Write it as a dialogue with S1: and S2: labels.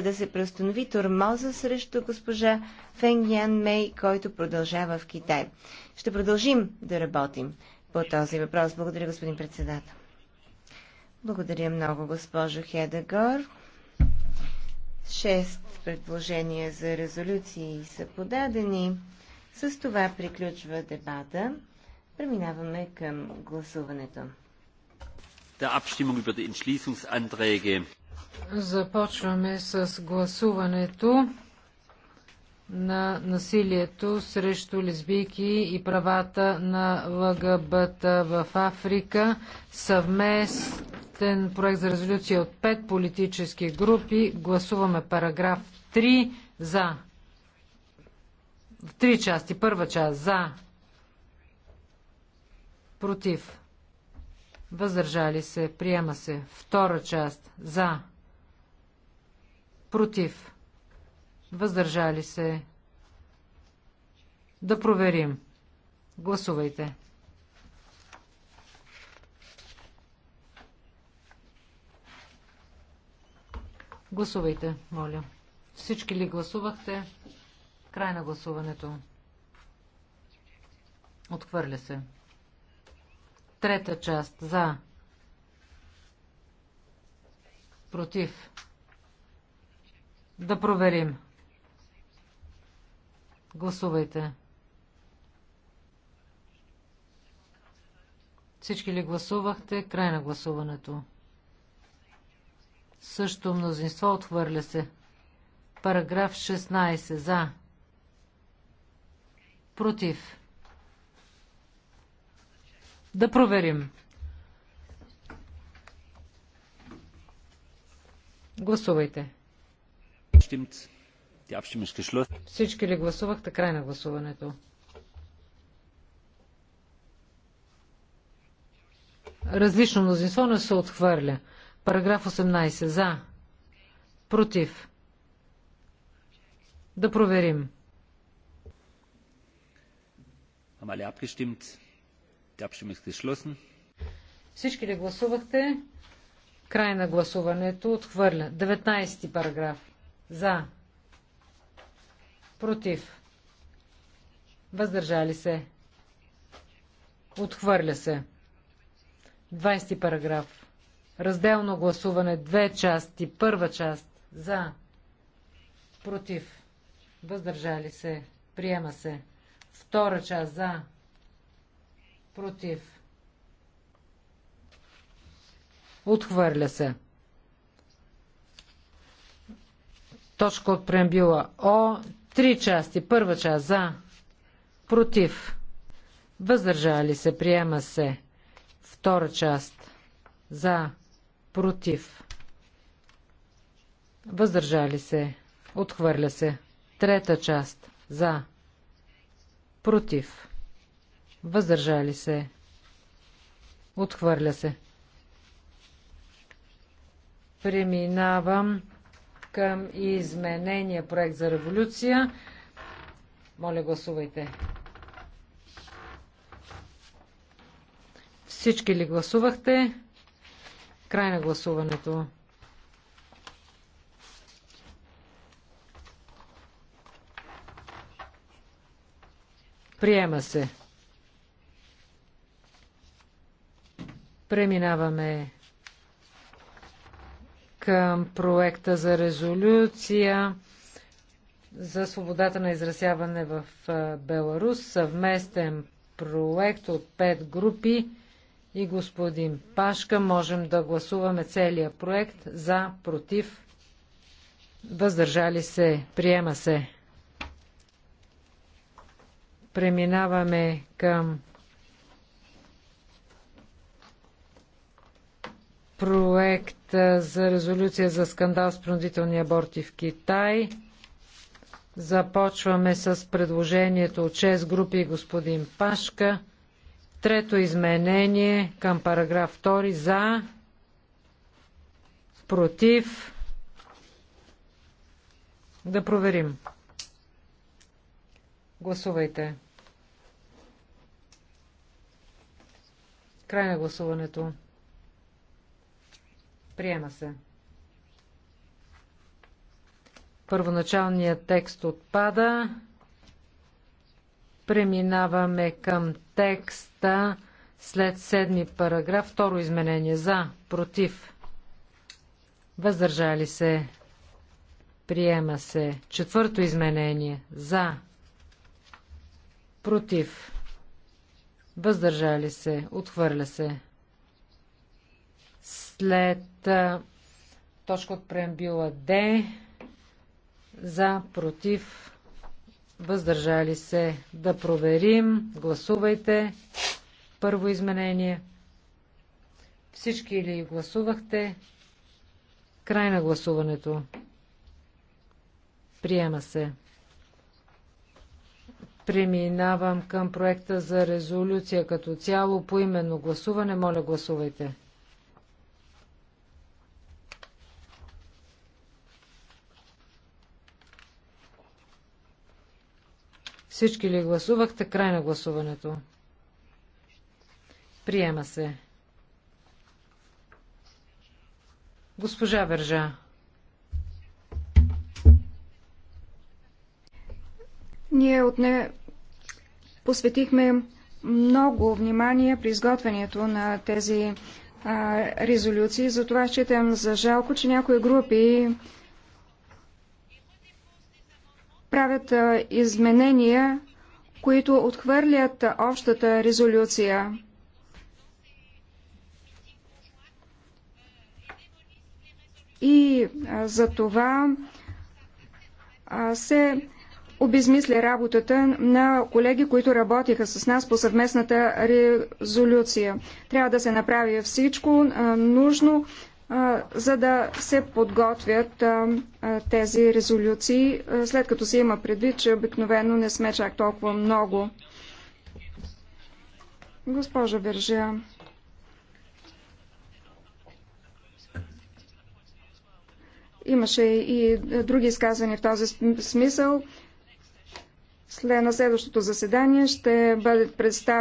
S1: да се преустанови тормоза срещу госпожа Фенг Ян Мей, който продължава в Китай. Ще продължим да работим по този въпрос. Благодаря, господин председател. Благодаря много, госпожо Хедагор. Шест предложения за резолюции са подадени. С това приключва дебата. Преминаваме към гласуването. Der Abstimmung über die Entschließungsanträge Започваме с гласуването на насилието срещу лесбийки и правата на ЛГБТ в Африка. Съвместен проект за резолюция от пет политически групи. Гласуваме параграф 3 за. В три части. Първа част за. Против. Въздържали се. Приема се. Втора част за против, въздържали се. Да проверим. Гласувайте. Гласувайте, моля. Всички ли гласувахте? Край на гласуването. Отхвърля се. Трета част. За. Против. Да проверим. Гласувайте. Всички ли гласувахте? Край на гласуването. Също мнозинство отхвърля се. Параграф 16. За. Против. Да проверим. Гласувайте. Die Abstimmung ist geschlossen. Всички ли гласувахте край на гласуването? Различно мнозинство не се отхвърля. Параграф 18. За. Против. Да проверим. Всички ли гласувахте? Край на гласуването. Отхвърля. 19 параграф. За. Против. Въздържали се. Отхвърля се. 20 параграф. Разделно гласуване. Две части. Първа част. За. Против. Въздържали се. Приема се. Втора част. За. Против. Отхвърля се. точка от преамбюла О, три части. Първа част за, против, въздържали се, приема се. Втора част за, против, въздържали се, отхвърля се. Трета част за, против, въздържали се, отхвърля се. Преминавам към изменения проект за революция. Моля, гласувайте. Всички ли гласувахте? Край на гласуването. Приема се. Преминаваме към проекта за резолюция за свободата на изразяване в Беларус. Съвместен проект от пет групи и господин Пашка. Можем да гласуваме целия проект за, против, въздържали се, приема се. Преминаваме към проект за резолюция за скандал с принудителни аборти в Китай. Започваме с предложението от 6 групи господин Пашка. Трето изменение към параграф 2 за, против. Да проверим. Гласувайте. Край на гласуването. Приема се. Първоначалният текст отпада. Преминаваме към текста след седми параграф. Второ изменение. За. Против. Въздържали се. Приема се. Четвърто изменение. За. Против. Въздържали се. Отхвърля се след точка от преамбюла Д за против въздържали се да проверим. Гласувайте. Първо изменение. Всички ли гласувахте? Край на гласуването. Приема се. Преминавам към проекта за резолюция като цяло по именно гласуване. Моля, гласувайте. Всички ли гласувахте? Край на гласуването. Приема се. Госпожа Вержа. Ние отне
S2: посветихме много внимание при изготвянето на тези а, резолюции. Затова считам за жалко, че някои групи правят изменения, които отхвърлят общата резолюция. И за това се обезмисля работата на колеги, които работиха с нас по съвместната резолюция. Трябва да се направи всичко нужно, за да се подготвят тези резолюции, след като се има предвид, че обикновено не сме чак толкова много. Госпожа Вержия, Имаше и други изказвания в този смисъл. След на следващото заседание ще бъдат представени